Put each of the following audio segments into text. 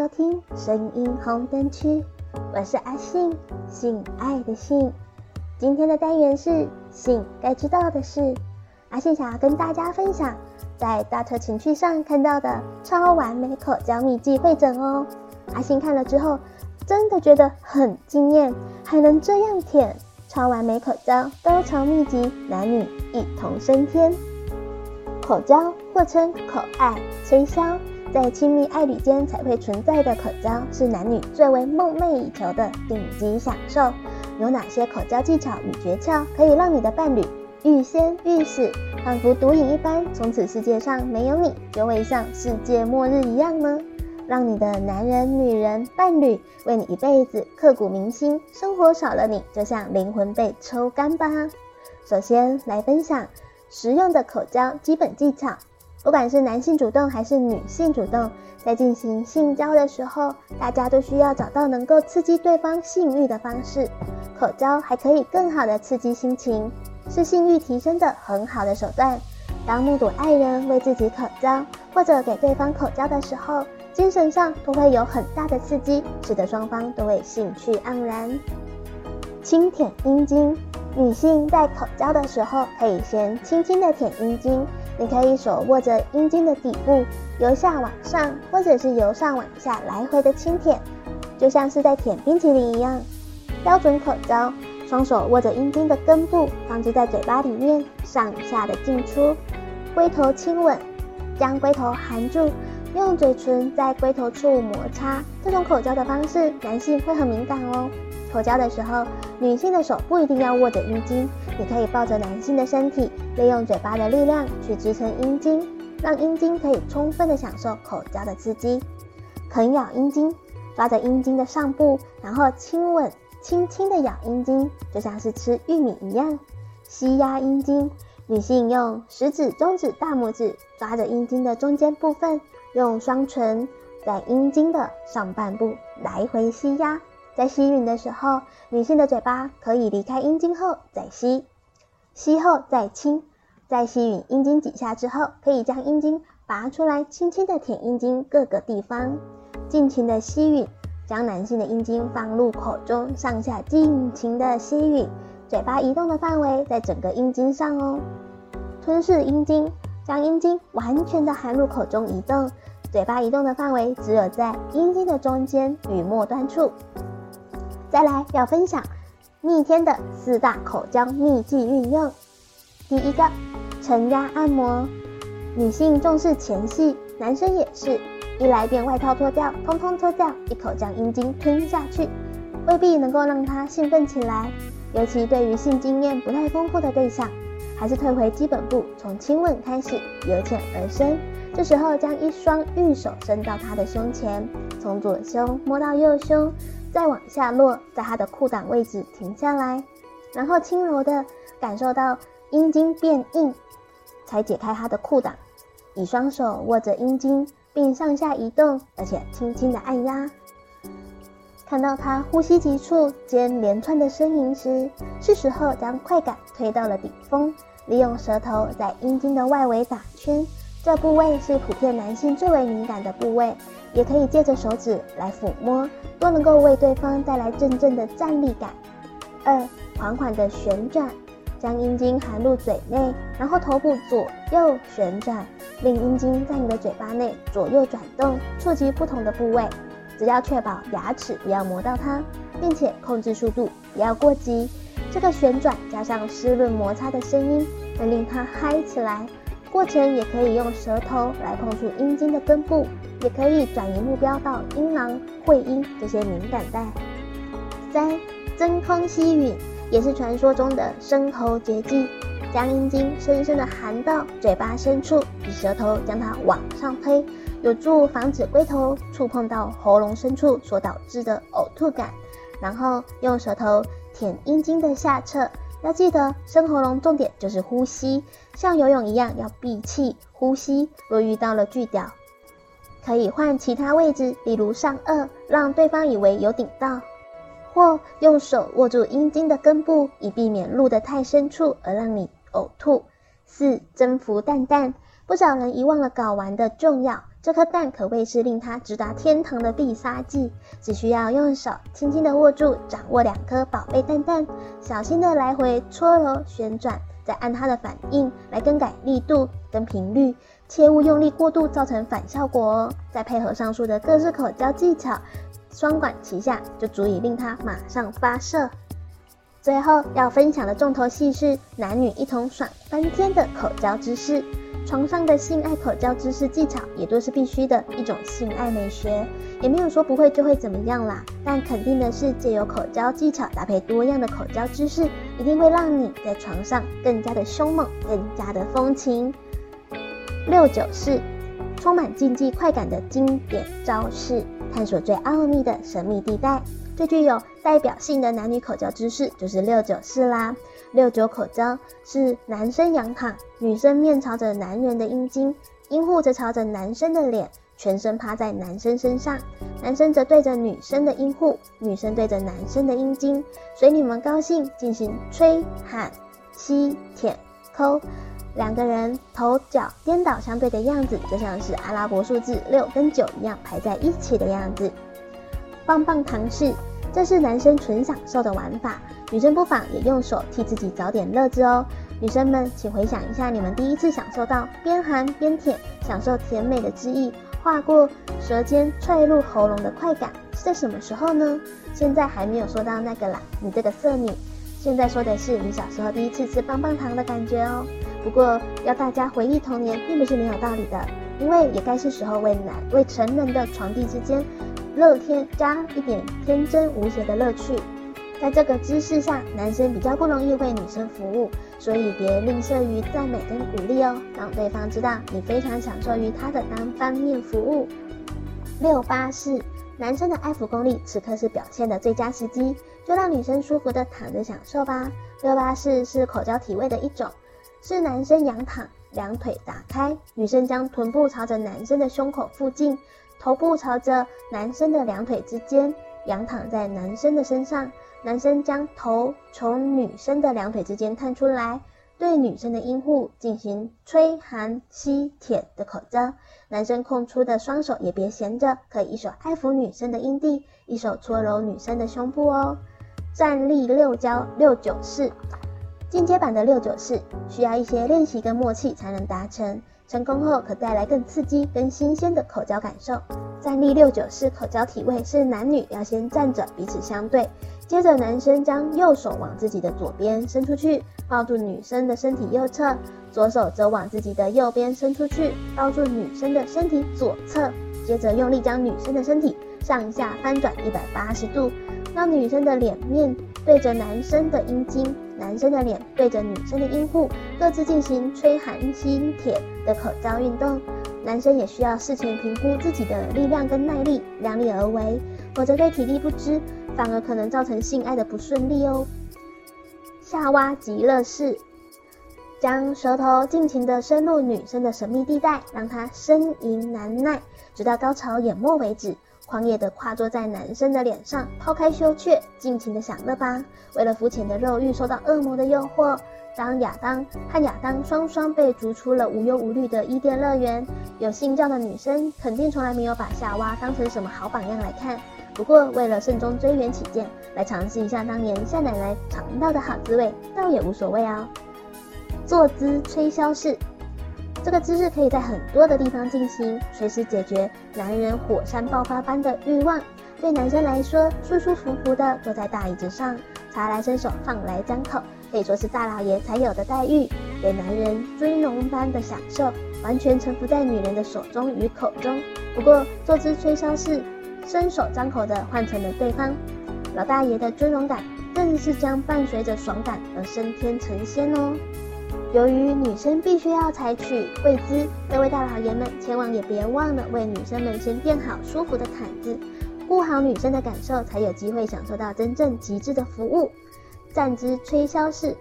收聽聲音紅燈區，我是阿信，性愛的性。今天的單元是性該知道的事。阿信想要跟大家分享，在大特情趣上看到的超完美口交秘技彙整哦。阿信看了之後，真的覺得很驚艷，還能這樣舔，超完美口交高潮秘笈，男女一同升天。口交或稱口愛、吹簫。在親密愛侶間才會存在的口交，是男女最為夢寐以求的頂級享受。有哪些口交技巧與訣竅，可以讓你的伴侶欲仙欲死，仿佛毒癮一般，從此世界上沒有你，就會像世界末日一樣呢？讓你的男人、女人、伴侶為你一輩子刻骨銘心，生活少了你，就像靈魂被抽乾吧。首先來分享實用的口交基本技巧。不管是男性主動還是女性主動，在進行性交的時候，大家都需要找到能夠刺激對方性慾的方式。口交還可以更好的刺激心情，是性慾提升的很好的手段。當目睹愛人為自己口交，或者給對方口交的時候，精神上都會有很大的刺激，使得雙方都會興趣盎然。輕舔陰莖，女性在口交的時候可以先輕輕的舔陰莖。你可以手握着陰莖的底部，由下往上，或者是由上往下來回的輕舔，就像是在舔冰淇淋一樣。標準口交，雙手握着陰莖的根部，放置在嘴巴裡面，上下的進出。龜頭親吻，將龜頭含住，用嘴唇在龜頭處摩擦。這種口交的方式，男性會很敏感哦。口交的時候，女性的手不一定要握着陰莖，你可以抱着男性的身體，利用嘴巴的力量去支撐陰莖，讓陰莖可以充分的享受口交的刺激。啃咬陰莖，抓着陰莖的上部，然後親吻，輕輕的咬陰莖，就像是吃玉米一樣。吸壓陰莖，女性用食指、中指、大拇指抓着陰莖的中間部分，用雙唇在陰莖的上半部來回吸壓。在吸吮的時候，女性的嘴巴可以離開陰莖後再吸，吸後再親。在吸吮陰莖幾下之後，可以將陰莖拔出來，輕輕地舔陰莖各個地方，盡情地吸吮。將男性的陰莖放入口中，上下盡情地吸吮，嘴巴移動的範圍在整個陰莖上哦。吞噬陰莖，將陰莖完全的含入口中，移動嘴巴移動的範圍只有在陰莖的中間與末端處。再來要分享逆天的四大口交秘技運用。第一個，承壓按摩。女性重視前戲，男生也是，一來便外套脫掉，通通脫掉，一口將陰莖吞下去，未必能夠讓他興奮起來。尤其對於性經驗不太豐富的對象，還是退回基本步，從親吻開始，由淺而深。這時候將一雙玉手伸到他的胸前，從左胸摸到右胸。再往下落，在他的褲襠位置停下來，然後輕柔地感受到陰莖變硬，才解開他的褲襠。以雙手握着陰莖，並上下移動，而且輕輕地按壓。看到他呼吸急促、間連串的呻吟時，是時候將快感推到了頂峰，利用舌頭在陰莖的外圍打圈。這部位是普遍男性最為敏感的部位，也可以借着手指來撫摸，都能夠為對方帶來陣陣的站立感。二，緩緩的旋轉，將陰莖含入嘴內，然後頭部左右旋轉，令陰莖在你的嘴巴內左右轉動，觸及不同的部位。只要確保牙齒不要磨到它，並且控制速度，不要過急。這個旋轉加上濕潤摩擦的聲音，能令它嗨起來。過程也可以用舌頭來碰觸陰莖的根部，也可以轉移目標到陰囊、會陰這些敏感帶。三，真空吸吮也是傳說中的深喉絕技，將陰莖深深的含到嘴巴深處，以舌頭將它往上推，有助防止龜頭觸碰到喉嚨深處所導致的嘔吐感，然後用舌頭舔陰莖的下側。要記得，深喉嚨重點就是呼吸，像游泳一樣要閉氣呼吸。若遇到了巨屌，可以換其他位置，比如上顎，讓對方以為有頂到，或用手握住陰莖的根部，以避免入得太深處而讓你嘔吐。四，征服蛋蛋，不少人遺忘了睾丸的重要。這顆蛋可謂是令他直達天堂的必殺技，只需要用手輕輕的握住，掌握兩顆寶貝蛋蛋，小心的來回搓揉旋轉，再按它的反應來更改力度跟頻率，切勿用力過度造成反效果哦。再配合上述的各式口交技巧，雙管齊下就足以令它馬上發射。最後要分享的重頭戲是男女一同爽翻天的口交知識床上的性愛口交姿勢技巧也都是必須的一種性愛美學，也沒有說不會就會怎麼樣啦。但肯定的是，借由口交技巧搭配多樣的口交姿勢，一定會讓你在床上更加的兇猛，更加的風情。六九式，充滿禁忌快感的經典招式，探索最奧秘的神秘地帶。最具有代表性的男女口交姿勢就是六九式啦。六九口交是男生仰躺，女生面朝着男人的陰莖，陰戶則朝着男生的臉，全身趴在男生身上，男生則對着女生的陰戶，女生對着男生的陰莖，隨你們高興進行吹、喊、吸、舔、摳，兩個人頭腳顛倒相對的樣子，就像是阿拉伯數字六跟九一樣排在一起的樣子。棒棒糖式。這是男生純享受的玩法，女生不妨也用手替自己找點樂子哦。女生們，請回想一下你們第一次享受到邊含邊舔，享受甜美的汁液，劃過舌尖、踹入喉嚨的快感是在什麼時候呢？現在還沒有說到那個啦，你這個色女。現在說的是你小時候第一次吃棒棒糖的感覺哦。不過要大家回憶童年並不是沒有道理的，因為也該是時候為男為成人的床笫之間。樂天加一點天真無邪的樂趣，在這個姿勢下，男生比較不容易為女生服務，所以別吝嗇於讚美跟鼓勵哦，讓對方知道你非常享受於他的單方面服務。六八式，男生的愛撫功力此刻是表現的最佳時機，就讓女生舒服的躺着享受吧。六八式是口交體位的一種，是男生仰躺，兩腿打開，女生將臀部朝着男生的胸口附近。頭部朝着男生的兩腿之間仰躺在男生的身上，男生將頭從女生的兩腿之間探出來，對女生的陰戶進行吹、含、吸、舔的口交。男生空出的雙手也別閒着，可以一手愛撫女生的陰蒂，一手搓揉女生的胸部哦。站立六交、六九式，進階版的六九式需要一些練習跟默契才能達成。成功後可帶來更刺激跟新鮮的口交感受。站立六九式口交體位是男女要先站着彼此相對，接着男生將右手往自己的左邊伸出去，抱住女生的身體右側，左手則往自己的右邊伸出去，抱住女生的身體左側，接着用力將女生的身體上下翻轉一百八十度，讓女生的臉面對着男生的陰莖，男生的臉對着女生的陰戶，各自進行吹寒吸舔。的口罩運動，男生也需要事前評估自己的力量跟耐力，量力而為，否則對體力不支，反而可能造成性愛的不順利哦。下挖極樂式，將舌頭盡情的深入女生的神秘地帶，讓她呻吟難耐，直到高潮淹沒為止。狂野的跨坐在男生的臉上，拋開羞怯，盡情的享樂吧。為了膚淺的肉欲，受到惡魔的誘惑。當亞當和亞當雙雙被逐出了無憂無慮的伊甸樂園，有信教的女生肯定從來沒有把夏娃當成什麼好榜樣來看。不過，為了慎終追遠起見，來嘗試一下當年夏奶奶嘗到的好滋味，倒也無所謂哦。坐姿吹簫式，這個姿勢可以在很多的地方進行，隨時解決男人火山爆發般的欲望。對男生來說，舒舒服服的坐在大椅子上，茶來伸手，飯來張口，可以說是大老爺才有的待遇，給男人尊榮般的享受，完全臣服在女人的手中與口中。不過坐姿吹簫式，伸手張口的換成了對方，老大爺的尊榮感更是將伴隨着爽感而升天成仙哦。由於女生必須要採取跪姿，各位大老爺們千萬也別忘了為女生們先墊好舒服的毯子，顧好女生的感受，才有機會享受到真正極致的服務。站姿吹簫式，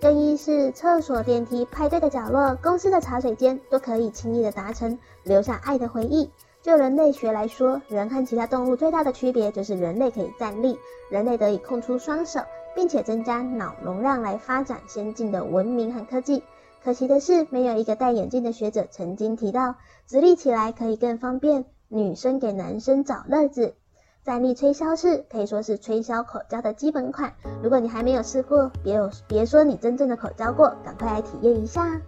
更衣室、廁所、電梯、派對的角落、公司的茶水間，都可以輕易的達成，留下愛的回憶。就人類學來說，人和其他動物最大的區別就是人類可以站立，人類得以空出雙手。並且增加腦容量來發展先進的文明和科技。可惜的是，沒有一個戴眼鏡的學者曾經提到直立起來可以更方便女生給男生找樂子。站立吹簫式可以說是吹簫口交的基本款。如果你還沒有試過，別別說你真正的口交過，趕快來體驗一下。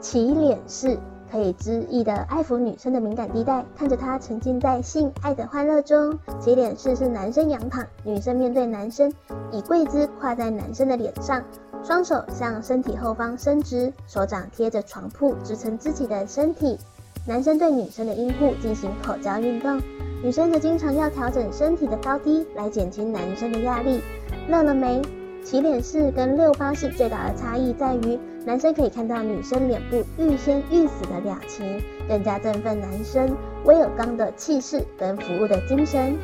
起臉式。可以恣意的愛撫女生的敏感地帶，看着她沉浸在性愛的歡樂中。起臉式是男生仰躺，女生面對男生，以跪姿跨在男生的臉上，雙手向身體後方伸直，手掌貼着床鋪支撐自己的身體。男生對女生的陰戶進行口交運動，女生則經常要調整身體的高低來減輕男生的壓力。樂了沒？起臉式跟六方式最大的差異在於。男生可以看到女生臉部欲仙欲死的表情，更加振奮男生威而鋼的氣勢跟服務的精神。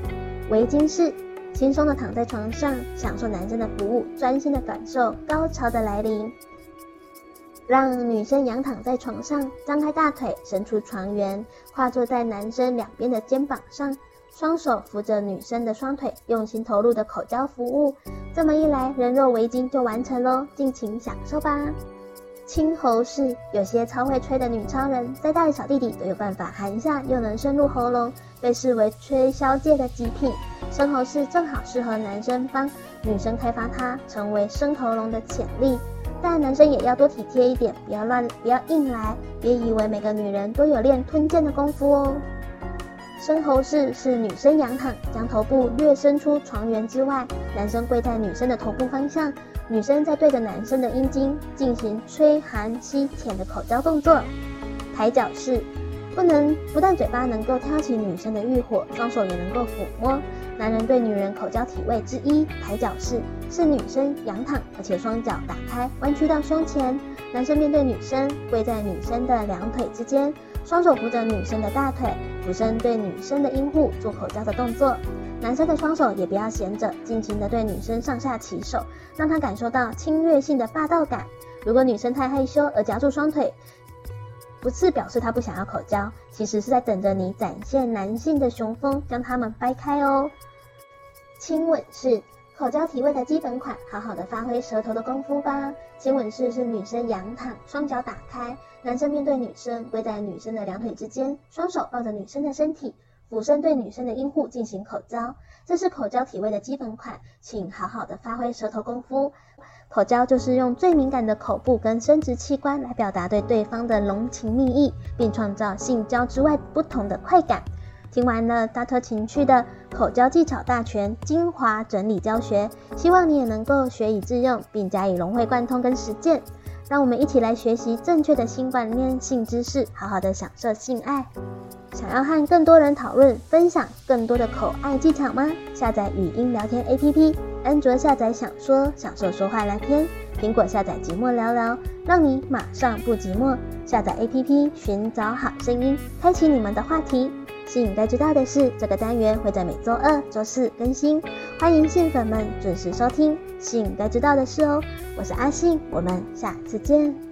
圍巾式，輕鬆的躺在床上，享受男生的服務，專心的感受高潮的來臨。讓女生仰躺在床上，張開大腿，伸出床緣，跨坐在男生兩邊的肩膀上，雙手扶着女生的雙腿，用心投入的口交服務。這麼一來，人肉圍巾就完成嘍，盡情享受吧。青喉式，有些超會吹的女超人，再大的小弟弟都有辦法含一下，又能深入喉嚨，被視為吹簫界的極品。深喉式，正好適合男生幫女生開發它，成為深喉嚨的潛力，但男生也要多體貼一點，不要亂，不要硬來，別以為每個女人都有練吞劍的功夫哦。深喉式是女生仰躺，將頭部略伸出床緣之外，男生跪在女生的頭部方向，女生在對着男生的陰莖進行吹含吸舔的口交動作。抬腳式，不能不但嘴巴能夠挑起女生的欲火，雙手也能夠撫摸。男人對女人口交體位之一，抬腳式是女生仰躺，而且雙腳打開，彎曲到胸前。男生面對女生，跪在女生的兩腿之間，雙手扶着女生的大腿，俯身對女生的陰戶做口交的動作。男生的雙手也不要閒着，盡情的對女生上下其手，讓她感受到侵略性的霸道感。如果女生太害羞而夾住雙腿，不是表示她不想要口交，其實是在等着你展現男性的雄風，將他們掰開哦。親吻式口交體位的基本款，好好的發揮舌頭的功夫吧。親吻式是女生仰躺，雙腳打開，男生面對女生，跪在女生的兩腿之間，雙手抱着女生的身體。俯身對女生的陰戶進行口交，這是口交體位的基本款，請好好的發揮舌頭功夫。口交就是用最敏感的口部跟生殖器官來表達對對方的濃情蜜意，並創造性交之外不同的快感。聽完了大特情趣的口交技巧大全精華整理教學，希望你也能夠學以致用，並加以融會貫通跟實踐。讓我們一起來學習正確的性觀念、性知識，好好的享受性愛。想要和更多人討論、分享更多的口愛技巧嗎？下載語音聊天 APP，安卓下載享說，享受說話聊天；蘋果下載寂寞聊聊，讓你馬上不寂寞。下載 APP，尋找好聲音，開啟你們的話題。性該知道的事，這個單元會在每周二周四更新，歡迎性粉們準時收聽《性該知道的事》哦。我是阿信，我們下次見。